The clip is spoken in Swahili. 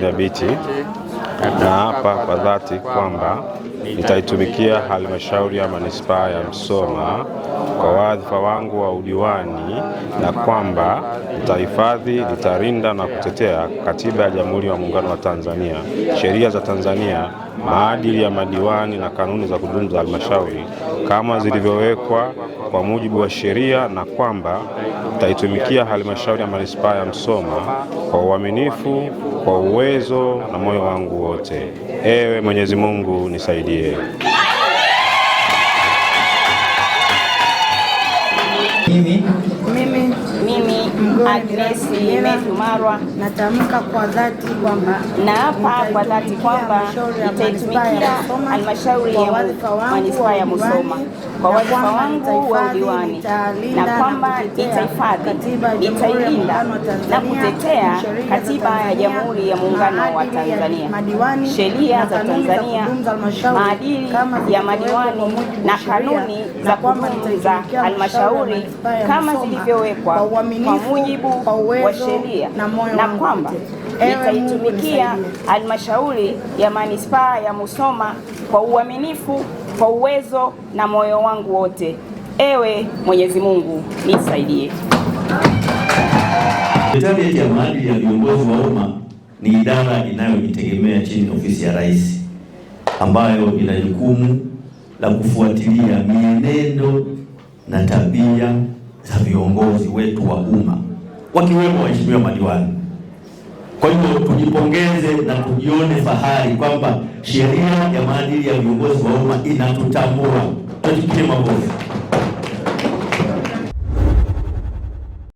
thabiti na hapa kwa dhati kwamba nitaitumikia halmashauri ya manispaa ya Msoma kwa wadhifa wangu wa udiwani na kwamba nitahifadhi, nitarinda na kutetea katiba ya Jamhuri ya Muungano wa Tanzania, sheria za Tanzania, maadili ya madiwani na kanuni za kudumu za halmashauri kama zilivyowekwa kwa mujibu wa sheria na kwamba nitaitumikia halmashauri ya manispaa ya Msoma kwa uaminifu, kwa uwezo na moyo wangu wote. Ewe Mwenyezi Mungu nisaidie. Mimi. Mimi. Mimi agnesi Melefu Marwa, natamka kwa dhati kwamba naapa kwa dhati kwamba nitaitumikia halmashauri ya manispaa ya Musoma kwa wadhifa wangu wa udiwani na kwamba nitahifadhi, nitailinda na kutetea katiba ya Jamhuri ya Muungano wa Tanzania, sheria za Tanzania, maadili ya madiwani na kanuni za kutunza halmashauri kama zilivyowekwa kwa mujibu mujibu wa sheria na kwamba nitaitumikia halmashauri ya manispaa ya Musoma kwa uaminifu, kwa uwezo na moyo wangu wote. Ewe Mwenyezi Mungu nisaidie. Sekretarieti ya maadili ya viongozi wa umma ni idara inayojitegemea chini ya ofisi ya Rais, ambayo ina jukumu la kufuatilia mienendo na tabia za viongozi wetu wa umma wakiwemo waheshimiwa madiwani. Kwa hiyo tujipongeze na tujione fahari kwamba sheria ya maadili ya viongozi wa umma inatutambua. Tujipigie makofi.